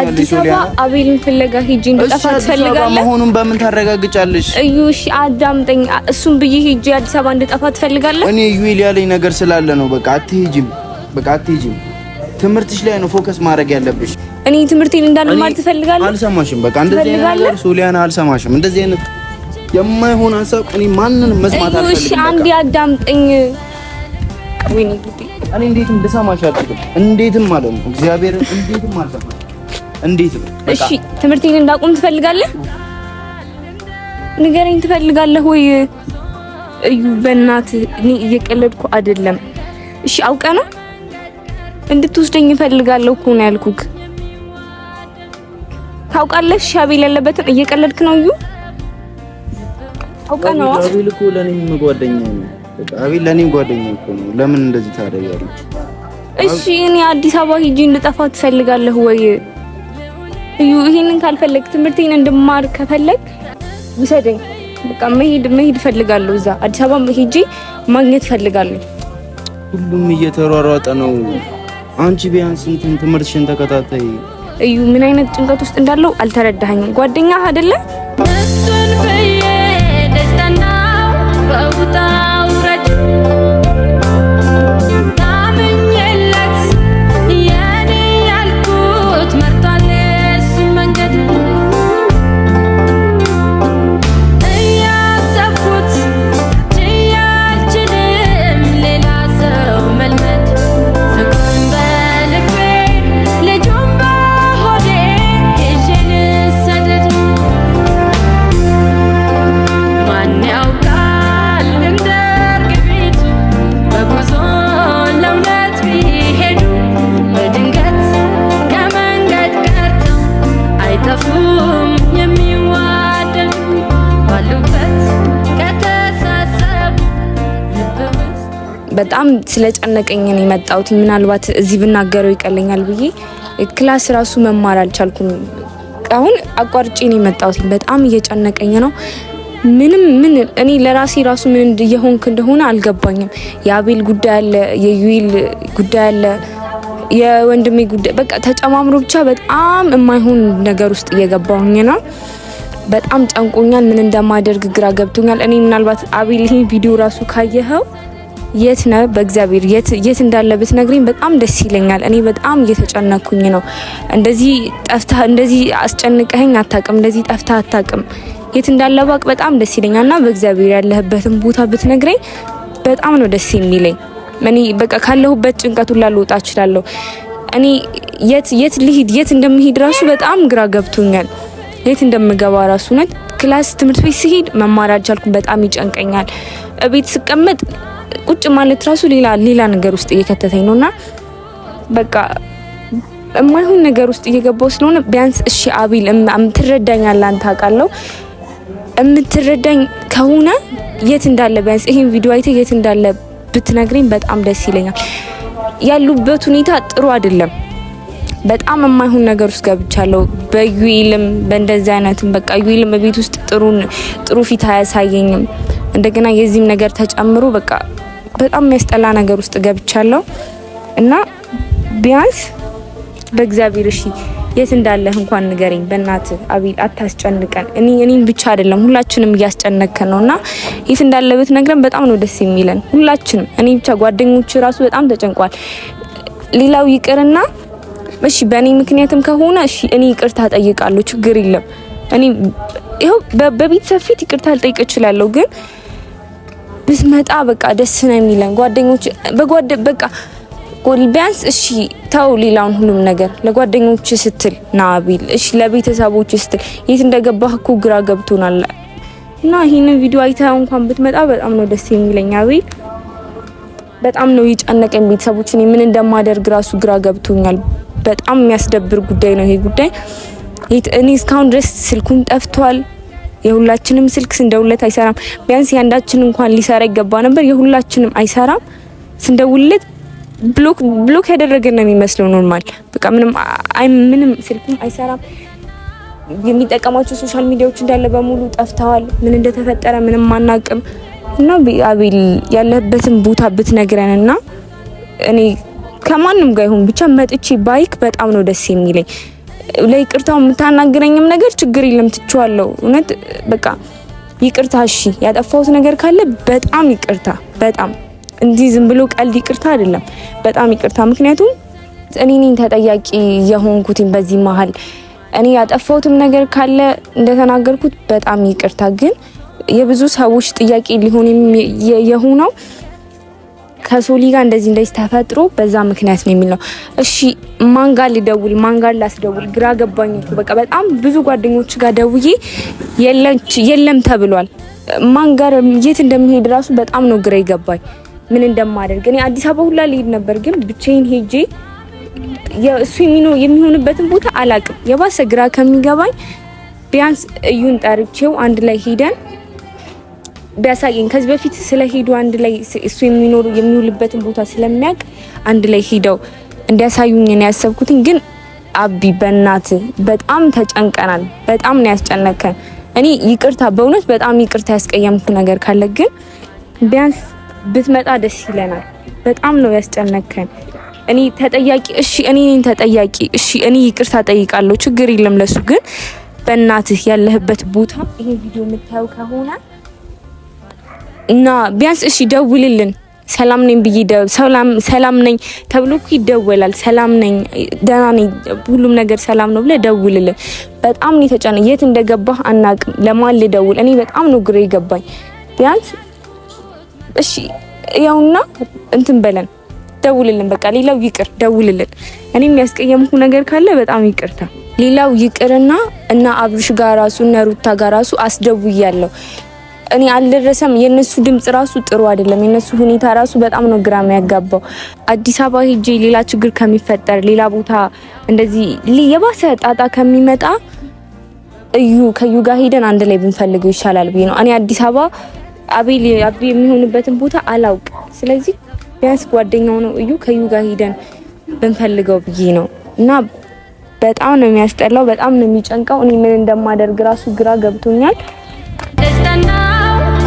አዲስ አበባ አቤልን ፍለጋ ሂጂ እንድጠፋ ትፈልጋለህ መሆኑን በምን ታረጋግጫለሽ? እዩ እሺ አዳምጠኝ። እሱን ብዬ ሂጂ አዲስ አበባ እንድጠፋ ትፈልጋለህ? እኔ እዩ ያለኝ ነገር ስላለ ነው። በቃ አትሂጂም፣ በቃ አትሂጂም። ትምህርትሽ ላይ ነው ፎከስ ማድረግ ያለብሽ። እኔ ትምህርቴን እንዳልማር ትፈልጋለህ? አልሰማሽም። በቃ እንደዚህ ነገር ሶሊያና፣ አልሰማሽም። እንደዚህ አይነት የማይሆን ሀሳብ እኔ ማንንም መስማት አልፈልግም። እሺ አንዴ አዳምጠኝ። ወይኔ ግዴ እኔ እንዴትም ልሰማሽ አልፈልግም። እንዴትም ማለት ነው እግዚአብሔር እንዴትም አልሰማሽም እንዴት ነው? እሺ ትምህርቴን እንዳቆም ትፈልጋለህ? ንገረኝ፣ ትፈልጋለህ ወይ? እዩ በእናት እኔ እየቀለድኩ አይደለም። እሺ አውቀህ ነው እንድትወስደኝ እፈልጋለሁ እኮ ነው ያልኩህ። ታውቃለህ ሻቤል ያለበትን እየቀለድክ ነው እዩ። አውቀህ ነው አቤል እኮ ለኔም ጓደኛዬ ነው። አቤል ለኔም ጓደኛዬ እኮ ነው። ለምን እንደዚህ ታደርጋለህ? እሺ እኔ አዲስ አበባ ሂጂ እንድጠፋ ትፈልጋለህ ወይ? እዩ ይሄንን ካልፈለግ ትምህርቴን እንድማር ከፈለግ ውሰደኝ። በቃ መሄድ መሄድ ፈልጋለሁ። እዛ አዲስ አበባ ሄጄ ማግኘት ፈልጋለሁ። ሁሉም እየተሯሯጠ ነው። አንቺ ቢያንስ እንትን ትምህርትሽን ተከታታይ። እዩ ምን አይነት ጭንቀት ውስጥ እንዳለው አልተረዳኸኝም። ጓደኛ አይደለ በጣም ስለጨነቀኝ ነው የመጣሁት። ምናልባት እዚህ ብናገረው ይቀለኛል ብዬ ክላስ ራሱ መማር አልቻልኩም። አሁን አቋርጬ ነው የመጣሁት። በጣም እየጨነቀኝ ነው። ምንም ምን እኔ ለራሴ ራሱ ምን እየሆንክ እንደሆነ አልገባኝም። የአቤል ጉዳይ አለ፣ የዩል ጉዳይ አለ፣ የወንድሜ ጉዳይ በቃ ተጨማምሮ ብቻ በጣም የማይሆን ነገር ውስጥ እየገባሁኝ ነው። በጣም ጨንቆኛል። ምን እንደማደርግ ግራ ገብቶኛል። እኔ ምናልባት አቤል ይህ ቪዲዮ ራሱ ካየኸው የት ነው በእግዚአብሔር የት እንዳለ ብትነግሪኝ በጣም ደስ ይለኛል። እኔ በጣም እየተጨነኩኝ ነው። እንደዚህ ጠፍታ እንደዚህ አስጨንቀኸኝ አታቅም፣ እንደዚህ ጠፍታ አታቅም። የት እንዳለ ባቅ በጣም ደስ ይለኛል እና በእግዚአብሔር ያለህበትን ቦታ ብትነግረኝ በጣም ነው ደስ የሚለኝ። እኔ በቃ ካለሁበት ጭንቀቱን ላልወጣ እችላለሁ። እኔ የት የት ልሂድ የት እንደምሄድ ራሱ በጣም ግራ ገብቶኛል። የት እንደምገባ ራሱ ነት ክላስ ትምህርት ቤት ስሄድ መማር አልቻልኩም። በጣም ይጨንቀኛል። እቤት ስቀመጥ ቁጭ ማለት ራሱ ሌላ ሌላ ነገር ውስጥ እየከተተኝ ነውና በቃ የማይሆን ነገር ውስጥ እየገባው ስለሆነ ቢያንስ እሺ አቢል እምትረዳኝ አላንተ አውቃለሁ እምትረዳኝ ከሆነ የት እንዳለ ቢያንስ ይሄን ቪዲዮ አይተ የት እንዳለ ብትነግረኝ በጣም ደስ ይለኛል። ያሉበት ሁኔታ ጥሩ አይደለም። በጣም የማይሆን ነገር ውስጥ ገብቻለሁ። በዩኤልም በእንደዚህ አይነትም በቃ ዩኤልም በቤት ውስጥ ጥሩ ፊት አያሳየኝም። እንደገና የዚህም ነገር ተጨምሮ በቃ በጣም የሚያስጠላ ነገር ውስጥ ገብቻለሁ እና ቢያንስ በእግዚአብሔር እሺ የት እንዳለህ እንኳን ንገረኝ፣ በእናት አቤል አታስጨንቀን። እኔ እኔን ብቻ አይደለም ሁላችንም ነው እና የት እንዳለበት ነግረን በጣም ነው ደስ የሚለን ሁላችንም። እኔ ብቻ ጓደኞች ራሱ በጣም ተጨንቋል። ሌላው ይቅርና እሺ በእኔ ምክንያትም ከሆነ እሺ እኔ ይቅርታ ጠይቃለሁ፣ ችግር የለም። እኔ ይኸው በቤተሰብ ፊት ይቅርታ ልጠይቅ እችላለሁ ግን ብትመጣ በቃ ደስ ነው የሚለን ጓደኞች በጓደ በቃ ቢያንስ እሺ ተው ሌላውን ሁሉም ነገር ለጓደኞች ስትል ናቢል እሺ፣ ለቤተሰቦች ስትል የት እንደገባህ እኮ ግራ ገብቶናል። እና ይህንን ቪዲዮ አይታ እንኳን ብትመጣ በጣም ነው ደስ የሚለኝ። አቤል በጣም ነው የጨነቀኝ። ቤተሰቦች እኔ ምን እንደማደርግ ራሱ ግራ ገብቶኛል። በጣም የሚያስደብር ጉዳይ ነው ይሄ ጉዳይ። እኔ እስካሁን ድረስ ስልኩን ጠፍቷል። የሁላችንም ስልክ ስንደውለት አይሰራም። ቢያንስ ያንዳችን እንኳን ሊሰራ ይገባ ነበር። የሁላችንም አይሰራም። ስንደውለት ብሎክ ብሎክ ያደረገ ነው የሚመስለው። ኖርማል በቃ ምንም አይ ምንም ስልኩም አይሰራም። የሚጠቀማቸው ሶሻል ሚዲያዎች እንዳለ በሙሉ ጠፍተዋል። ምን እንደተፈጠረ ምንም አናቅም። እና አቤል ያለበትን ቦታ ብትነግረን እና እኔ ከማንም ጋር ይሁን ብቻ መጥቼ ባይክ በጣም ነው ደስ የሚለኝ። ለይቅርታው የምታናግረኝም ነገር ችግር የለም ትችዋለሁ። እውነት በቃ ይቅርታ፣ እሺ ያጠፋሁት ነገር ካለ በጣም ይቅርታ። በጣም እንዲህ ዝም ብሎ ቀልድ ይቅርታ አይደለም፣ በጣም ይቅርታ። ምክንያቱም እኔ ነኝ ተጠያቂ የሆንኩትኝ በዚህ መሀል እኔ ያጠፋሁትም ነገር ካለ እንደተናገርኩት በጣም ይቅርታ። ግን የብዙ ሰዎች ጥያቄ ሊሆን የሆነው ከሶሊ ጋር እንደዚህ እንደዚህ ተፈጥሮ በዛ ምክንያት ነው የሚል ነው። እሺ ማን ጋር ልደውል? ማን ጋር ላስደውል? ግራ ገባኝ በቃ በጣም ብዙ ጓደኞች ጋር ደውዬ የለም ተብሏል። ማን ጋር የት እንደሚሄድ እራሱ በጣም ነው ግራ ይገባኝ፣ ምን እንደማደርግ። እኔ አዲስ አበባ ሁላ ልሄድ ነበር፣ ግን ብቻዬን ሄጄ እሱ የሚሆንበትን ቦታ አላቅም። የባሰ ግራ ከሚገባኝ ቢያንስ እዩን ጠርቼው አንድ ላይ ሄደን ቢያሳየኝ ከዚህ በፊት ስለሄዱ አንድ ላይ እሱ የሚኖሩ የሚውልበትን ቦታ ስለሚያውቅ አንድ ላይ ሄደው እንዲያሳዩኝ ነው ያሰብኩትኝ። ግን አቢ በእናት በጣም ተጨንቀናል። በጣም ነው ያስጨነቀን። እኔ ይቅርታ፣ በእውነት በጣም ይቅርታ ያስቀየምኩ ነገር ካለ ግን ቢያንስ ብትመጣ ደስ ይለናል። በጣም ነው ያስጨነከን። እኔ ተጠያቂ እሺ፣ እኔ ተጠያቂ እሺ፣ እኔ ይቅርታ ጠይቃለሁ። ችግር የለም ለሱ ግን በእናትህ ያለህበት ቦታ ይሄ ቪዲዮ የምታየው ከሆነ እና ቢያንስ እሺ ደውልልን ሰላም ነኝ ብዬ ሰላም ሰላም ነኝ ተብሎ እኮ ይደወላል። ሰላም ነኝ፣ ደህና ነኝ፣ ሁሉም ነገር ሰላም ነው ብለህ ደውልልን። በጣም ነው የተጫነ። የት እንደገባህ አናቅም። ለማን ልደውል? እኔ በጣም ነው ግሬ የገባኝ። ቢያንስ እሺ ያውና እንትን በለን ደውልልን። በቃ ሌላው ይቅር፣ ደውልልን። እኔ የሚያስቀየምኩ ነገር ካለ በጣም ይቅርታ። ሌላው ይቅርና እና አብርሽ ጋር ራሱ እነ ሩታ ጋር ራሱ አስደውያለሁ እኔ አልደረሰም። የነሱ ድምጽ ራሱ ጥሩ አይደለም። የነሱ ሁኔታ ራሱ በጣም ነው ግራ የሚያጋባው። አዲስ አበባ ሄጄ ሌላ ችግር ከሚፈጠር ሌላ ቦታ እንደዚህ የባሰ ጣጣ ከሚመጣ እዩ ከዩ ጋር ሄደን አንድ ላይ ብንፈልገው ይሻላል ብዬ ነው። እኔ አዲስ አበባ አቤል አቤ የሚሆንበትን ቦታ አላውቅ። ስለዚህ ቢያንስ ጓደኛው ነው እዩ ከዩ ጋር ሄደን ብንፈልገው ብዬ ነው እና በጣም ነው የሚያስጠላው። በጣም ነው የሚጨንቀው። እኔ ምን እንደማደርግ ራሱ ግራ ገብቶኛል።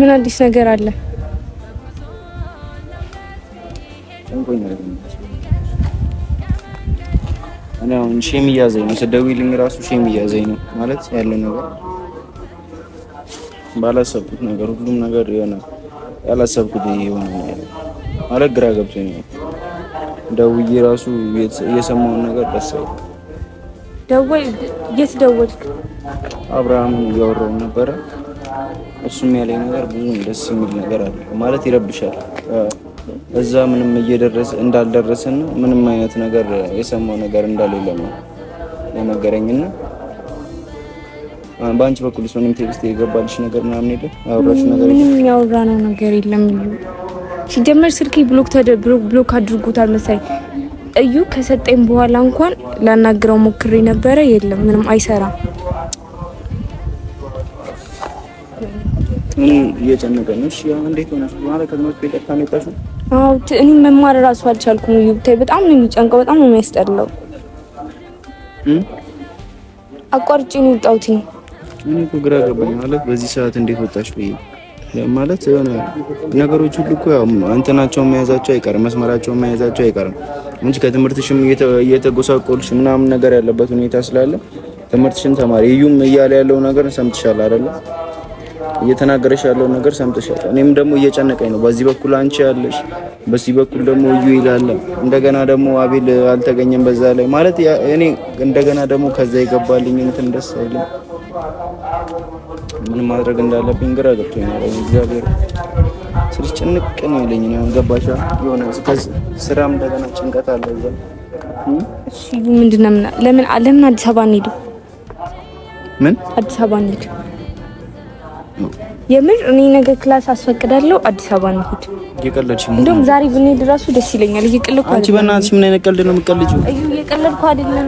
ምን አዲስ ነገር አለ? እኔ አሁን ሼም እያዘኝ ነው። ስደውይልኝ ራሱ ሼም እያዘኝ ነው ማለት ያለ ነገር ባላሰብኩት ነገር ሁሉም ነገር የሆነ ያላሰብኩት የሆነ ማለት ግራ ገብቶኝ ደውዬ እራሱ እየሰማውን ነገር ደስ አይልም። ደወል የት ደወልክ? አብርሃም እያወራውን ነበረ እሱም ያለኝ ነገር ብዙ ደስ የሚል ነገር አለ ማለት ይረብሻል። እዛ ምንም እየደረሰ እንዳልደረሰና ምንም አይነት ነገር የሰማው ነገር እንዳሌለ ነው የነገረኝና በአንቺ በኩል ምንም ቴክስት የገባልሽ ነገር ምናምን የለም? አውራሽ ነገር የለም? ያወራ ነው ነገር የለም። እዩ ሲጀመር ስልኬ ብሎክ ብሎክ አድርጎታል መሰለኝ። እዩ ከሰጠኝ በኋላ እንኳን ላናግረው ሞክሬ ነበረ። የለም ምንም አይሰራም። እየጨነቀኝ ነው። እንዴት ሆነሽ? እኔ መማር እራሱ አልቻልኩም። ዩብታይ በጣም ነው የሚጨንቀው፣ በጣም ነው የሚያስጠላው። አቋርጬ ነው የወጣሁት። እኔ እኮ ግራ ገባኝ ማለት በዚህ ሰዓት እንዴት ወጣሽ ብዬ ማለት የሆነ ነገሮች ሁሉ እኮ ያው እንትናቸውን መያዛቸው አይቀርም፣ መስመራቸውን መያዛቸው አይቀርም እንጂ ከትምህርትሽም እየተጎሳቆልሽ ምናምን ነገር ያለበት ሁኔታ ስላለ ትምህርትሽን ተማሪ እዩም እያለ ያለው ነገር ሰምትሻል አይደለ? እየተናገረሽ ያለውን ነገር ሰምተሻል። እኔም ደግሞ እየጨነቀኝ ነው። በዚህ በኩል አንቺ ያለሽ፣ በዚህ በኩል ደግሞ እዩ ይላል። እንደገና ደግሞ አቤል አልተገኘም። በዛ ላይ ማለት እኔ እንደገና ደግሞ ከዛ ይገባልኝ እንትን ደስ አይልም። ምን ማድረግ እንዳለብኝ ግራ ገብቶኛል። እግዚአብሔር ስልሽ ጭንቅ ነው ይለኝ ነው ገባሻ? የሆነ ስራም እንደገና ጭንቀት አለ እዛ። እሺ ምንድን ነው ለምን ለምን አዲስ አበባ እንሂድ? ምን አዲስ አበባ እንሂድ የምር እኔ ነገ ክላስ አስፈቅዳለሁ። አዲስ አበባ ነው ሄድ። እየቀለድሽ ነው። እንደውም ዛሬ ብንሄድ እራሱ ደስ ይለኛል። እየቀለድኩ አንቺ በእናትሽ ምን አይነት ቀልድ ነው የምትቀልጂው? እዩ እየቀለድኩ አይደለም፣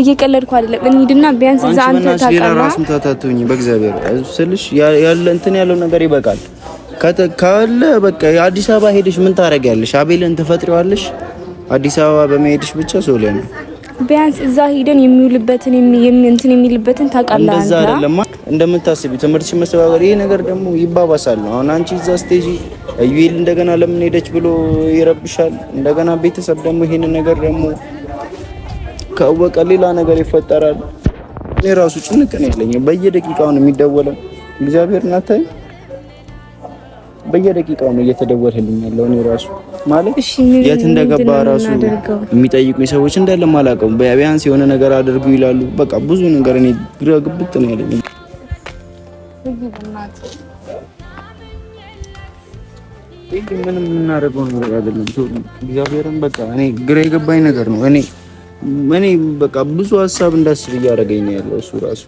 እየቀለድኩ አይደለም። እንሂድና ቢያንስ እዛ አንተ ታውቃለህ። አንቺ በእናትሽ ራስም ታታተውኝ። በእግዚአብሔር ስልሽ ያለ እንትን ያለው ነገር ይበቃል። ካለ በቃ አዲስ አበባ ሄደሽ ምን ታደርጊያለሽ? አቤልን ትፈጥሪዋለሽ። አዲስ አበባ በመሄድሽ ብቻ ሶሊያ ነው ቢያንስ እዛ ሂደን የሚውልበትን እንትን የሚልበትን ታውቃለህ። እንደዛ አይደለማ እንደምታስቢ ትምህርትሽ መሰባበር፣ ይሄ ነገር ደግሞ ይባባሳል ነው። አሁን አንቺ እዛ ስቴጂ እዩል እንደገና ለምን ሄደች ብሎ ይረብሻል። እንደገና ቤተሰብ ደግሞ ይሄን ነገር ደግሞ ካወቀ ሌላ ነገር ይፈጠራል። እኔ ራሱ ጭንቅ ነው ያለኝ በየደቂቃው ነው የሚደወለው። እግዚአብሔር እናታይ በየደቂቃው ነው እየተደወለልኝ ያለው። እኔ ራሱ ማለት የት እንደገባ ራሱ የሚጠይቁኝ ሰዎች እንዳለ ማላውቀው ቢያንስ የሆነ ነገር አድርጉ ይላሉ። በቃ ብዙ ነገር እኔ ግራ ግብት ነው ያለኝ። ይህ ምንም የምናደርገው ነገር አይደለም። እግዚአብሔርን በቃ እኔ ግራ የገባኝ ነገር ነው። እኔ እኔ በቃ ብዙ ሀሳብ እንዳስብ እያደረገኝ ነው ያለው እሱ ራሱ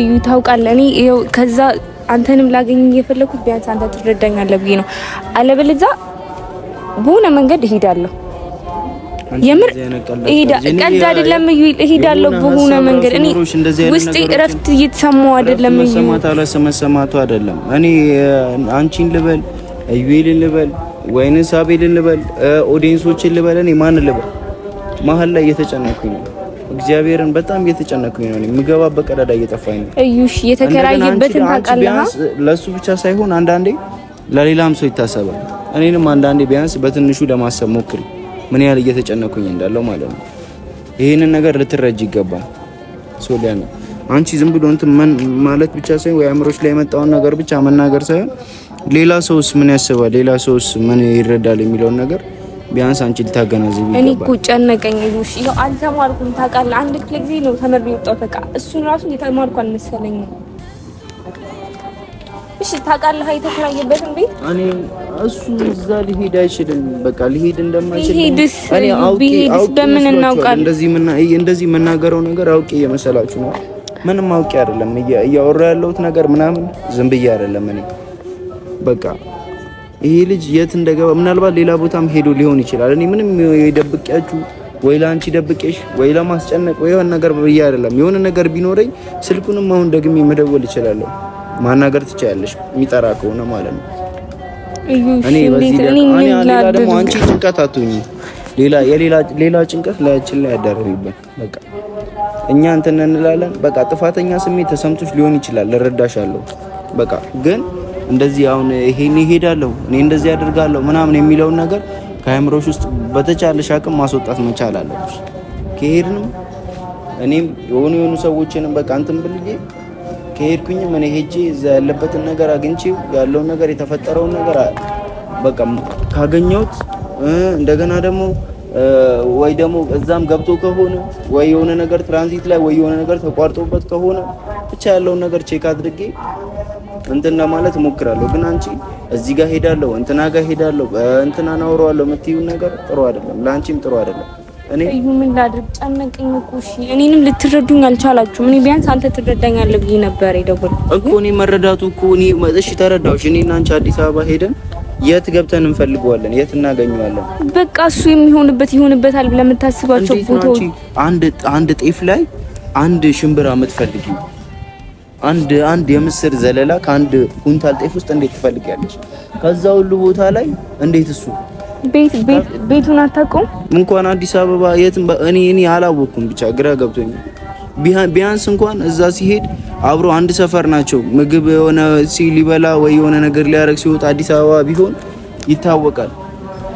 እዩ ታውቃለህ እኔ ከዛ አንተንም ላገኝ እየፈለኩት ቢያንስ አንተ ትረዳኛለህ ብዬ ነው። አለበለዚያ በሆነ መንገድ እሄዳለሁ። የምር ቀልድ አይደለም። እዩ እሄዳለሁ በሆነ መንገድ እኔ ውስጤ እረፍት እየተሰማው አይደለም። እዩ መሰማቱ አይደለም። እኔ አንቺን ልበል፣ እዩን ልበል፣ ወይንስ አቤልን ልበል፣ ኦዲየንሶችን ልበል፣ እኔ ማን ልበል? መሀል ላይ እየተጨነኩኝ ነው እግዚአብሔርን በጣም እየተጨነኩኝ ነው። የምገባበት ቀዳዳ እየጠፋኝ ነው። እዩሽ የተከራየበትን ታውቃለህ። ለእሱ ብቻ ሳይሆን አንዳንዴ ለሌላም ሰው ይታሰባል። እኔንም አንዳንዴ ቢያንስ በትንሹ ለማሰብ ሞክሪ፣ ምን ያህል እየተጨነኩኝ እንዳለው ማለት ነው። ይህንን ነገር ልትረጅ ይገባል። ሶሊያ አንቺ ዝም ብሎ እንትን ማለት ብቻ ሳይሆን ወይ አእምሮች ላይ የመጣውን ነገር ብቻ መናገር ሳይሆን ሌላ ሰውስ ምን ያስባል፣ ሌላ ሰውስ ምን ይረዳል የሚለውን ነገር ቢያንስ አንቺ ልታገናዝብ ይገባል። እኔ እኮ ጨነቀኝ። እሺ ነው አልተማርኩም፣ ታውቃለህ። አንድ ክፍለ ጊዜ ነው ተመሪ ወጣው። በቃ እሱን ራሱ የተማርኩ አልመሰለኝም። እሺ ታውቃለህ፣ የተከራየበትን ቤት እኔ እሱ እዛ ሊሄድ አይችልም። በቃ ሊሄድ እንደማይችል እኔ አውቄ አውቄ በምን እናውቃለን? እንደዚህ ምን እንደዚህ የምናገረው ነገር አውቄ እየመሰላችሁ ነው። ምንም አውቄ አይደለም እያወራ ያለሁት ነገር ምናምን ዝም ብዬ አይደለም እኔ በቃ ይሄ ልጅ የት እንደገባ ምናልባት ሌላ ቦታም ሄዶ ሊሆን ይችላል። እኔ ምንም የደብቄያችሁ ወይ ለአንቺ ደብቄሽ ወይ ለማስጨነቅ ወይ የሆነ ነገር ብዬ አይደለም። የሆነ ነገር ቢኖረኝ ስልኩንም አሁን ደግሜ መደወል እችላለሁ። ማናገር ትችያለሽ፣ የሚጠራ ከሆነ ማለት ነው። እኔ በዚህ ደግሞ አንቺ ጭንቀት አትሁኝ። ሌላ የሌላ ሌላ ጭንቀት ላያችን ላይ ያዳርብብን። በቃ እኛ እንትን እንላለን። በቃ ጥፋተኛ ስሜት ተሰምቶች ሊሆን ይችላል፣ እረዳሻለሁ። በቃ ግን እንደዚህ አሁን ይሄን ይሄዳለሁ እኔ እንደዚህ አደርጋለሁ ምናምን የሚለውን ነገር ከአእምሮሽ ውስጥ በተቻለሽ አቅም ማስወጣት መቻል አለብሽ። ከሄድንም እኔም የሆኑ የሆኑ ሰዎችንም በቃ እንትን ብልዬ ከሄድኩኝም እኔ ሄጄ እዛ ያለበትን ነገር አግኝቼ ያለውን ነገር የተፈጠረውን ነገር በቃ ካገኘሁት እንደገና ደግሞ ወይ ደግሞ እዛም ገብቶ ከሆነ ወይ የሆነ ነገር ትራንዚት ላይ ወይ የሆነ ነገር ተቋርጦበት ከሆነ ብቻ ያለውን ነገር ቼክ አድርጌ እንትን ለማለት እሞክራለሁ። ግን አንቺ እዚህ ጋር ሄዳለሁ፣ እንትና ጋር ሄዳለሁ፣ እንትና ናውረዋለሁ የምትይው ነገር ጥሩ አይደለም፣ ለአንቺም ጥሩ አይደለም። እኔ ምን ላድርግ? ጨነቀኝ እኮ እሺ። እኔንም ልትረዱኝ አልቻላችሁም። እኔ ቢያንስ አንተ ትረዳኛለህ ብዬ ነበር የደወልኩት እኮ እኔ መረዳቱ እኮ እኔ እሺ፣ ተረዳሁሽ። እኔና አንቺ አዲስ አበባ ሄደን የት ገብተን እንፈልገዋለን? የት እናገኘዋለን? በቃ እሱ የሚሆንበት ይሆንበታል ብለህ የምታስባቸው ቦታዎች አንድ አንድ ጤፍ ላይ አንድ ሽምብራ የምትፈልጊው አንድ አንድ የምስር ዘለላ ከአንድ ኩንታል ጤፍ ውስጥ እንዴት ትፈልጊያለሽ? ከዛ ሁሉ ቦታ ላይ እንዴት እሱ ቤት ቤት ቤቱን አታውቁም? እንኳን አዲስ አበባ የትም እኔ እኔ አላወቅኩም፣ ብቻ ግራ ገብቶኛል። ቢያንስ እንኳን እዛ ሲሄድ አብሮ አንድ ሰፈር ናቸው። ምግብ የሆነ ሲሊበላ ወይ የሆነ ነገር ሊያደርግ ሲወጣ አዲስ አበባ ቢሆን ይታወቃል።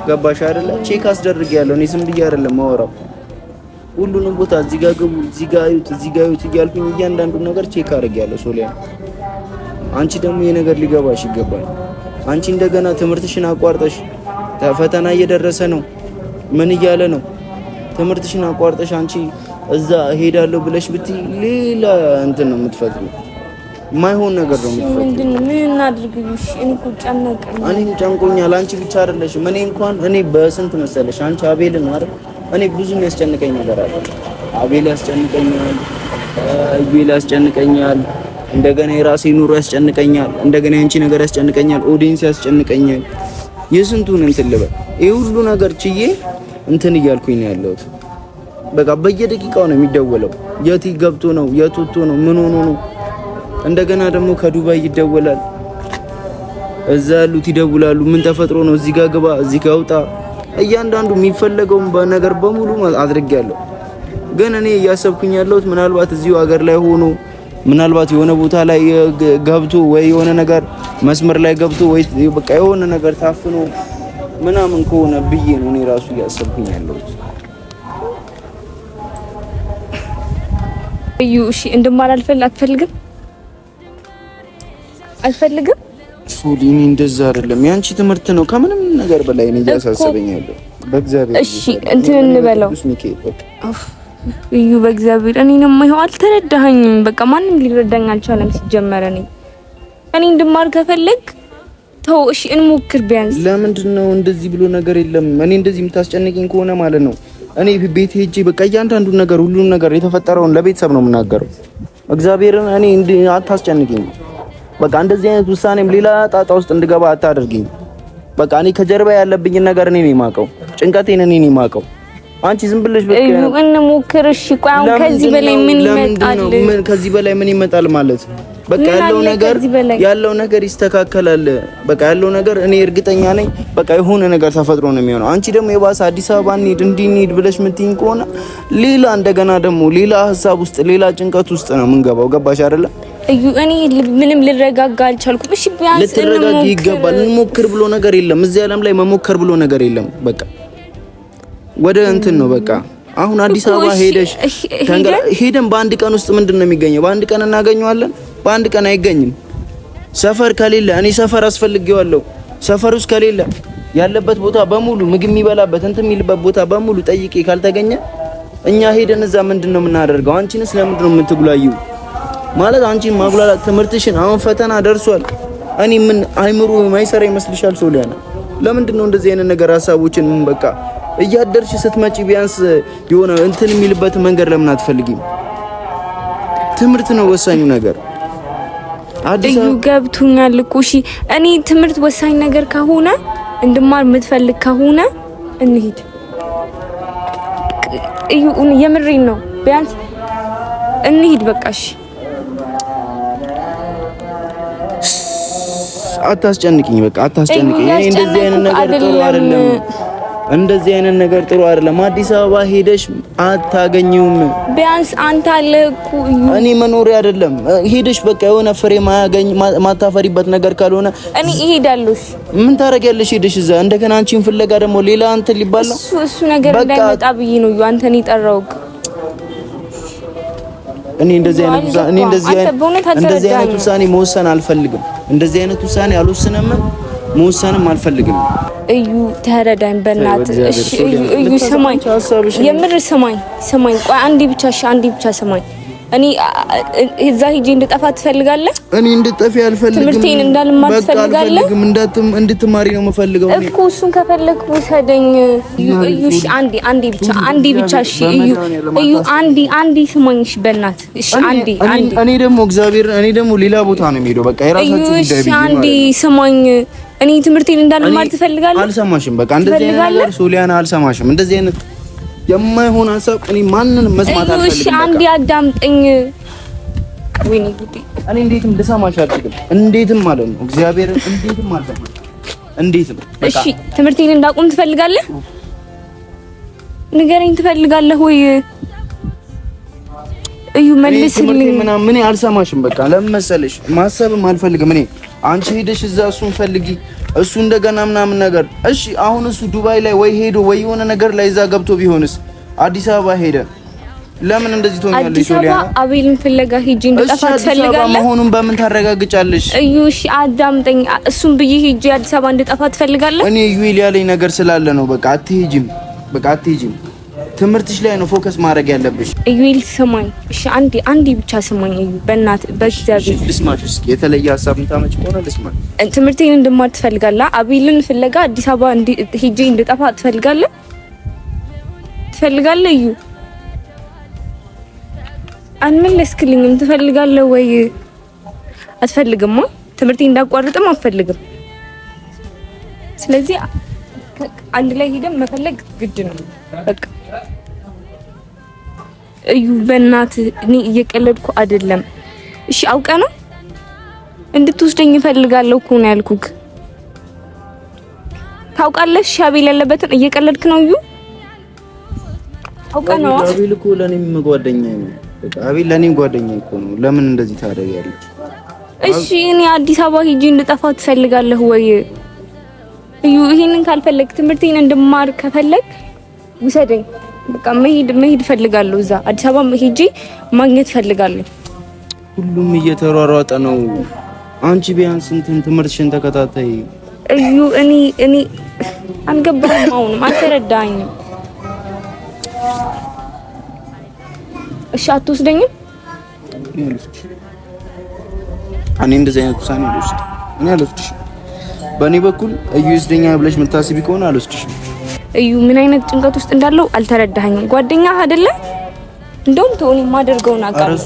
ገባሽ አይደለ? ቼክ አስደርግ ያለው እኔ ዝም ብዬ አይደለም ማወራው ሁሉንም ቦታ እዚህ ጋር ግቡ፣ እዚህ ጋር እዩት፣ እዚህ ጋር እዩት እያልኩኝ ነገር ቼክ አድርጌያለሁ። ሶሊያ አንቺ ደግሞ ይሄ ነገር ሊገባሽ ይገባል። አንቺ እንደገና ትምህርትሽን አቋርጠሽ ፈተና እየደረሰ ነው፣ ምን እያለ ነው? ትምህርትሽን አቋርጠሽ አንቺ እዛ እሄዳለሁ ብለሽ ብትይ ሌላ እንትን ነው የምትፈጥሩ፣ ማይሆን ነገር ነው የምትፈጥሩ። ምን እኔም ጨንቆኛል። አንቺ ብቻ አይደለሽም። እኔ እንኳን እኔ በስንት መሰለሽ አንቺ አቤልን አይደል እኔ ብዙ የሚያስጨንቀኝ ነገር አለ። አቤል ያስጨንቀኛል፣ እዩኤል ያስጨንቀኛል፣ እንደገና የራሴ ኑሮ ያስጨንቀኛል፣ እንደገና የአንቺ ነገር ያስጨንቀኛል፣ ኦዲንስ ያስጨንቀኛል። የስንቱን እንትን ልበል። ይህ ሁሉ ነገር ችዬ እንትን እያልኩኝ ነው ያለሁት። በቃ በየደቂቃው ነው የሚደወለው። የት ገብቶ ነው የት ወጥቶ ነው ምን ሆኖ ነው? እንደገና ደግሞ ከዱባይ ይደወላል፣ እዛ ያሉት ይደውላሉ። ምን ተፈጥሮ ነው? እዚህ ጋር ግባ፣ እዚህ ጋር ውጣ እያንዳንዱ የሚፈለገውን ነገር በሙሉ አድርጌያለሁ። ግን እኔ እያሰብኩኝ ያለሁት ምናልባት እዚሁ ሀገር ላይ ሆኖ ምናልባት የሆነ ቦታ ላይ ገብቶ ወይ የሆነ ነገር መስመር ላይ ገብቶ ወይ በቃ የሆነ ነገር ታፍኖ ምናምን ከሆነ ብዬ ነው እኔ ራሱ እያሰብኩኝ ያለሁት። እዩ እሺ፣ እንድማል አልፈልግም አልፈልግም ሶሊ እኔ እንደዛ አይደለም። ያንቺ ትምህርት ነው ከምንም ነገር በላይ እኔ እያሳሰበኝ ያለው በእግዚአብሔር። እሺ እንትን እንበለው እዩ፣ በእግዚአብሔር እኔንም ይኸው አልተረዳኸኝም። በቃ ማንም ሊረዳኝ አልቻለም። ሲጀመረ ነኝ እኔ እንድማር ከፈለግ ተው፣ እሺ እንሞክር ቢያንስ። ለምንድን ነው እንደዚህ ብሎ ነገር የለም። እኔ እንደዚህ የምታስጨንቅኝ ከሆነ ማለት ነው እኔ ቤት ሄጄ በቃ እያንዳንዱን ነገር ሁሉም ነገር የተፈጠረውን ለቤተሰብ ነው የምናገረው። እግዚአብሔርን እኔ አታስጨንቅኝ። በቃ እንደዚህ አይነት ውሳኔም ሌላ ጣጣ ውስጥ እንድገባ አታደርጊኝ። በቃ እኔ ከጀርባ ያለብኝ ነገር እኔ ነኝ የማውቀው፣ ጭንቀቴን እኔ ነኝ የማውቀው። አንቺ ዝም ብለሽ በቃ እንሞክር እሺ። ቆይ አሁን ከዚህ በላይ ምን ይመጣል? ምን ከዚህ በላይ ምን ይመጣል ማለት በቃ ያለው ነገር ያለው ነገር ይስተካከላል። በቃ ያለው ነገር እኔ እርግጠኛ ነኝ። በቃ የሆነ ነገር ተፈጥሮ ነው የሚሆነው። አንቺ ደግሞ የባሰ አዲስ አበባ እንሂድ እንዲህ እንሂድ ብለሽ የምትይኝ ከሆነ ሌላ እንደገና ደግሞ ሌላ ሀሳብ ውስጥ ሌላ ጭንቀት ውስጥ ነው የምንገባው። ገባሽ አይደለም? እዩ እኔ ምንም ልረጋጋ አልቻልኩም። እሺ ቢያንስ ልትረጋጋ ይገባል። እንሞክር ብሎ ነገር የለም። እዚህ ዓለም ላይ መሞከር ብሎ ነገር የለም። በቃ ወደ እንትን ነው በቃ አሁን አዲስ አበባ ሄደሽ ሄደን በአንድ ቀን ውስጥ ምንድን ነው የሚገኘው? በአንድ ቀን እናገኘዋለን? በአንድ ቀን አይገኝም። ሰፈር ከሌለ እኔ ሰፈር አስፈልጌዋለሁ። ሰፈር ውስጥ ከሌለ ያለበት ቦታ በሙሉ ምግብ የሚበላበት እንትን የሚልበት ቦታ በሙሉ ጠይቄ ካልተገኘ እኛ ሄደን እዛ ምንድን ነው የምናደርገው? አንቺንስ ለምንድን ነው የምትጉላዩ? ማለት አንቺ ማጉላላት ትምህርትሽን አሁን ፈተና ደርሷል። እኔ ምን አይምሮ ማይሰራ ይመስልሻል? ሶሊያና ሊያና ለምንድን ነው እንደዚህ አይነት ነገር ሀሳቦችን ምን በቃ እያደርሽ ስትመጪ ቢያንስ የሆነ እንትን የሚልበት መንገድ ለምን አትፈልጊም? ትምህርት ነው ወሳኙ ነገር። አዲስ እዩ ገብቶኛል እኮ እሺ። እኔ ትምህርት ወሳኝ ነገር ከሆነ እንድማር የምትፈልግ ከሆነ እንሂድ። እዩ የምሬን ነው። ቢያንስ እንሂድ በቃ እሺ አታስጨንቅኝ፣ በቃ አታስጨንቅኝ። እንደዚህ አይነት ነገር ጥሩ አይደለም። እንደዚህ አይነት ነገር ጥሩ አይደለም። አዲስ አበባ ሄደሽ አታገኘውም። ቢያንስ አንተ አለኩ እኔ መኖሪያ አይደለም። ሄደሽ በቃ የሆነ ፍሬ ማያገኝ ማታፈሪበት ነገር ካልሆነ እኔ እሄዳለሁ። ምን ታደርጊያለሽ? ሄደሽ እዛ እንደገና አንቺን ፍለጋ ደግሞ ሌላ አንተ ሊባል ነው። እሱ ነገር እንዳይመጣ ብዬ ነው አንተን የጠራሁት እኔ እንደዚህ አይነት ውሳኔ እንደዚህ አይነት እንደዚህ አይነት ውሳኔ መወሰን አልፈልግም። እንደዚህ አይነት ውሳኔ አልወስንም፣ መወሰንም አልፈልግም። እዩ ተረዳኝ፣ በእናት እሺ። እዩ ስማኝ፣ የምር ስማኝ፣ ስማኝ። ቆይ አንዴ ብቻ፣ እሺ፣ አንዴ ብቻ ስማኝ እኔ እዛ ሂጂ እንድጠፋ ትፈልጋለህ? እኔ እንድጠፊ አልፈልግም። ትምህርቴን እንዳልማር ትፈልጋለህ? እንድትማሪ ነው የምፈልገው እኮ። እሱን ከፈለግህ ውሰደኝ። እዩሽ፣ አንዴ አንዴ ብቻ አንዴ ብቻ። እሺ፣ እዩ እዩ፣ አንዴ አንዴ፣ ስማኝ፣ እሺ፣ በእናትህ እሺ፣ አንዴ አንዴ። እኔ ደግሞ እግዚአብሔር፣ እኔ ደግሞ ሌላ ቦታ ነው የምሄደው። በቃ የራሳችሁ ጉዳይ ብዬ አንዴ፣ ስማኝ እኔ ትምህርቴን እንዳልማር ትፈልጋለህ? አልሰማሽም። በቃ እንደዚህ አይነት ነገር ሶሊያና፣ አልሰማሽም እንደዚህ አይነት የማይሆን ሀሳብ እኔ ማንንም መስማት አልፈልግም። እሺ አንዴ አዳምጠኝ። ወይኔ ጉዴ! እኔ እንዴትም ልሰማሽ አልችልም። እንዴትም ማለት ነው እግዚአብሔር እንዴትም ማለት ነው እንዴትም። እሺ ትምህርቴን እንዳቆም ትፈልጋለህ? ንገረኝ፣ ትፈልጋለህ ወይ? እዩ መልስልኝ። ምናምን ምን አልሰማሽም። በቃ ለምን መሰለሽ ማሰብም አልፈልግም እኔ አንቺ ሄደሽ እዛ እሱን ፈልጊ እሱ እንደገና ምናምን ነገር እሺ፣ አሁን እሱ ዱባይ ላይ ወይ ሄዶ ወይ የሆነ ነገር ላይ እዛ ገብቶ ቢሆንስ? አዲስ አበባ ሄደ ለምን እንደዚህ ትሆኛለሽ? ሶሊያ አቤልን ፍለጋ ሂጂ እንድጠፋ ትፈልጋለህ? መሆኑን በምን ታረጋግጫለሽ? እዩ እሺ አዳምጠኝ። እሱን ብዬ ሂጂ አዲስ አበባ እንድጠፋ ትፈልጋለህ? እኔ እዩ ያለኝ ነገር ስላለ ነው። በቃ አትሄጂም፣ በቃ አትሄጂም ትምህርትሽ ላይ ነው ፎከስ ማድረግ ያለብሽ። እዩል ስማኝ፣ እሺ? አንዴ አንዴ ብቻ ስማኝ እዩ፣ በእናት በእግዚአብሔር ልስማሽ። እስኪ የተለየ ሀሳብ የምታመጪ ከሆነ ልስማሽ። ትምህርቴን እንድማር ትፈልጋለ? አቤልን ፍለጋ አዲስ አበባ ሄጄ እንድጠፋ ትፈልጋለ? ትፈልጋለ? እዩ፣ አንመለስክልኝም። ትፈልጋለህ ወይ? አትፈልግማ። ትምህርቴን እንዳቋርጥም አትፈልግም። ስለዚህ አንድ ላይ ሄደን መፈለግ ግድ ነው በቃ እዩ በእናት እኔ እየቀለድኩ አይደለም። እሺ አውቀ ነው እንድትወስደኝ እፈልጋለሁ እኮ ነው ያልኩክ። ታውቃለሽ ሻቤል ያለበትን እየቀለድክ ነው። እዩ አውቀ ነው አቤል እኮ ለኔም ጓደኛዬ ነው። አቤል ለኔም ጓደኛዬ እኮ ነው። ለምን እንደዚህ ታደርጋለህ? እሺ እኔ አዲስ አበባ ሄጄ እንድጠፋ ትፈልጋለህ ወይ? እዩ ይሄንን ካልፈለግ ትምህርቴን እንድማር ከፈለግ ውሰደኝ። በቃ መሄድ መሄድ ፈልጋለሁ። እዛ አዲስ አበባ ሄጄ ማግኘት ፈልጋለሁ። ሁሉም እየተሯሯጠ ነው። አንቺ ቢያንስ እንትን ትምህርትሽን ተከታታይ እዩ። እኔ እኔ አልገባህም፣ አሁንም አልተረዳኝም። እሺ አትወስደኝም? እኔ እንደዚህ አይነት ውሳኔ አልወስድም። እኔ አልወስድሽም። በእኔ በኩል እዩ ይወስደኛል ብለሽ የምታስቢ ከሆነ አልወስድሽም። እዩ ምን አይነት ጭንቀት ውስጥ እንዳለው አልተረዳኸኝም። ጓደኛ አይደለ? እንደውም ተሆን የማደርገውን አቃ